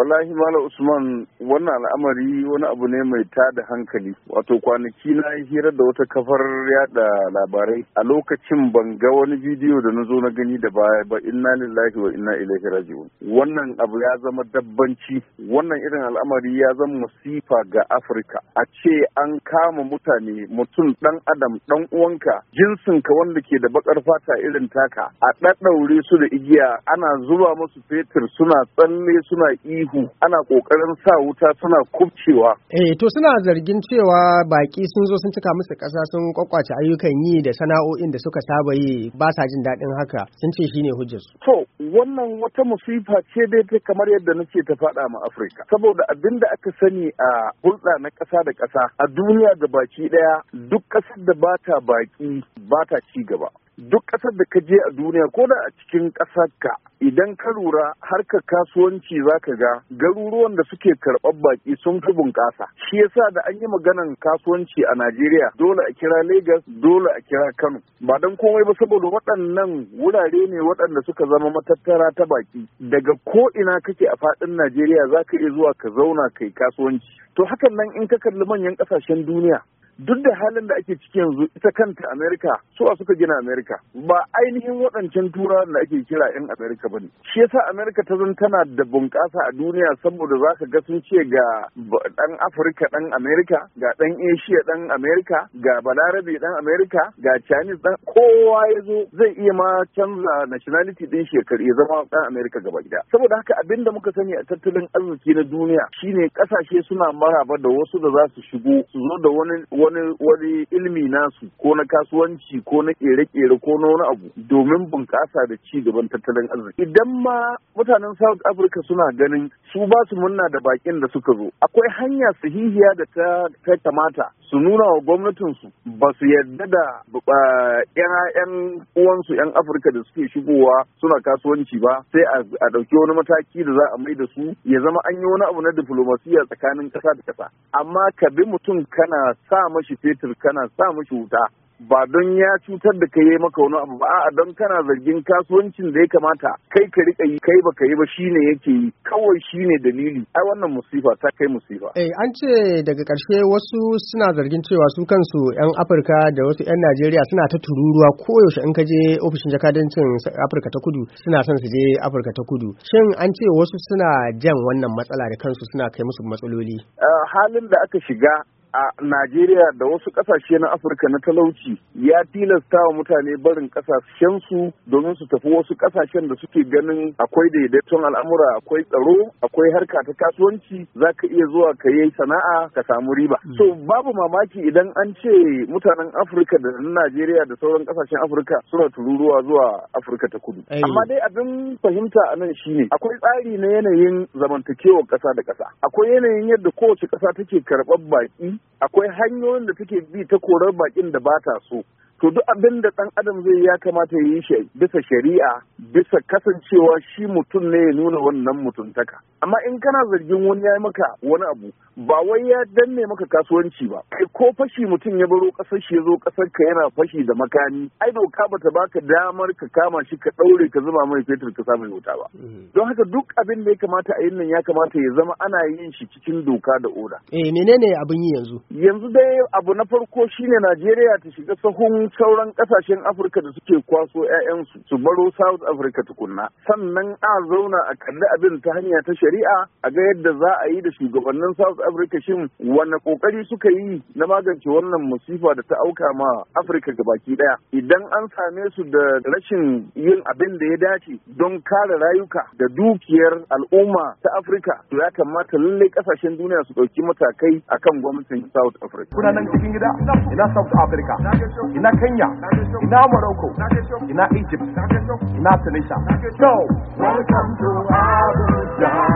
wallahi malam usman wannan al'amari wani abu ne mai tada hankali wato kwanaki na yi hira da wata kafar yada labarai a lokacin ban ga wani bidiyo da na zo na gani da baya ba inna lillahi wa inna ilaihi raji'un wannan abu ya zama dabbanci wannan irin al'amari ya zama masifa ga afirka a ce an kama mutane mutum dan adam dan uwanka jinsin ka wanda ke da bakar fata irin taka a ɗaɗɗaure su da igiya ana zuba musu fetur suna tsalle suna ihu ihu ana kokarin sa wuta suna kubcewa eh to suna zargin cewa baki sun zo sun cika musu kasa sun kwakwace ayyukan yi da sana'o'in da suka saba yi ba sa jin daɗin haka sun ce shine hujjar su to wannan wata musifa ce dai ta kamar yadda nake ta faɗa ma Afirka saboda abin da aka sani a hulɗa na ƙasa da ƙasa a duniya ga baki ɗaya duk ƙasar da bata baki bata ci gaba duk ƙasar da ka je a duniya ko da a cikin ƙasar ka idan ka lura harkar kasuwanci za ka ga garuruwan da suke karɓar baƙi sun fi bunƙasa shi yasa da an yi maganan kasuwanci a Najeriya dole a kira Lagos dole a kira Kano ba don komai ba saboda waɗannan wurare ne waɗanda suka zama matattara ta baƙi daga ko ina kake a faɗin Najeriya za ka iya zuwa ka zauna kai kasuwanci to hakan nan in ka kalli manyan ƙasashen duniya duk da halin da ake ciki yanzu ita kanta amerika a suka gina amerika ba ainihin waɗancan tura da ake kira yan amerika ba ne shi yasa amerika ta zan tana da bunƙasa a duniya saboda za ka ga sun ce ga ɗan afirka ɗan amerika ga ɗan asia ɗan amerika ga balarabe ɗan amerika ga chinese ɗan kowa ya zo zai iya ma canza nationality ɗin shekaru ya zama ɗan amerika gaba gida saboda haka abin da muka sani a tattalin arziki na duniya shine ƙasashe suna maraba da wasu da za su shigo su zo da wani wani wani ilmi nasu ko na kasuwanci ko na kere-kere ko na wani abu domin bunƙasa da ci gaban tattalin arziki idan ma mutanen South Africa suna ganin su ba su munna da bakin da suka zo akwai hanya sahihiya da ta kamata su nuna wa gwamnatinsu ba su yarda da yan uwansu yan afirka da suke shigowa suna kasuwanci ba sai a ɗauki wani mataki da za a mai da su ya zama an yi wani abu na diplomasiya tsakanin ƙasa da kasa. amma ka bi mutum kana sa mashi fetur kana sa mashi wuta ba don ya cutar da ka yi maka wani abu ba a don kana zargin kasuwancin da ya kamata kai ka riƙa yi kai baka yi ba shine yake yi kawai shine dalili ai wannan musifa ta kai musifa eh an ce daga karshe wasu suna zargin cewa su kansu yan Afirka da wasu yan Najeriya suna ta tururuwa koyaushe in ka je ofishin jakadancin Afirka ta Kudu suna son su je Afirka ta Kudu shin an ce wasu suna jan wannan matsala da kansu suna kai musu matsaloli eh, halin da aka shiga a Najeriya da wasu ƙasashe na Afirka na talauci ya tilasta wa mutane barin kasashen su domin su tafi wasu ƙasashen da suke ganin akwai daidaiton al'amura akwai tsaro akwai harka ta kasuwanci za ka iya zuwa ka yi sana'a ka samu riba. Hmm. So babu mamaki idan an ce mutanen Afirka da na Najeriya da sauran ƙasashen Afirka suna tururuwa zuwa Afirka ta kudu. Amma dai abin fahimta a nan shine akwai tsari na yanayin zamantakewar ƙasa da ƙasa. Akwai yanayin yadda kowace ƙasa take karɓar baƙi akwai hanyoyin da take bi ta korar bakin da ba ta so to duk abin da ɗan adam zai ya kamata ya yi shi bisa shari'a bisa kasancewa shi mutum ne ya nuna wannan mutuntaka amma in kana zargin wani ya maka wani abu ba wai ya danne maka kasuwanci ba kai ko fashi mutum ya baro ƙasar shi ya zo ƙasar ka yana fashi da makami ai doka bata baka damar ka kama shi ka ɗaure ka zuba mai fetur ka samu wuta ba mm-hmm. don haka duk abin da ya kamata a yin nan ya kamata ya zama ana yin shi cikin doka da oda eh menene abin yi yanzu yanzu dai abu na farko shine Najeriya ta shiga sahun sauran kasashen Afirka da suke kwaso 'ya'yansu su baro South Africa tukunna. Sannan a zauna a kalli abin ta hanya ta shari'a a ga yadda za a yi da shugabannin South Africa shin wanne kokari suka yi na magance wannan musifa da ta auka ma Afirka gabaki daya. Idan an same su da rashin yin abin da ya dace don kare rayuka da dukiyar al'umma ta Afirka to ya kamata lallai kasashen duniya su ɗauki matakai akan gwamnatin South Africa. Kuna nan cikin gida? Ina South Africa. kenya ina morocco ina egypt ina tunisia so welcome to abuja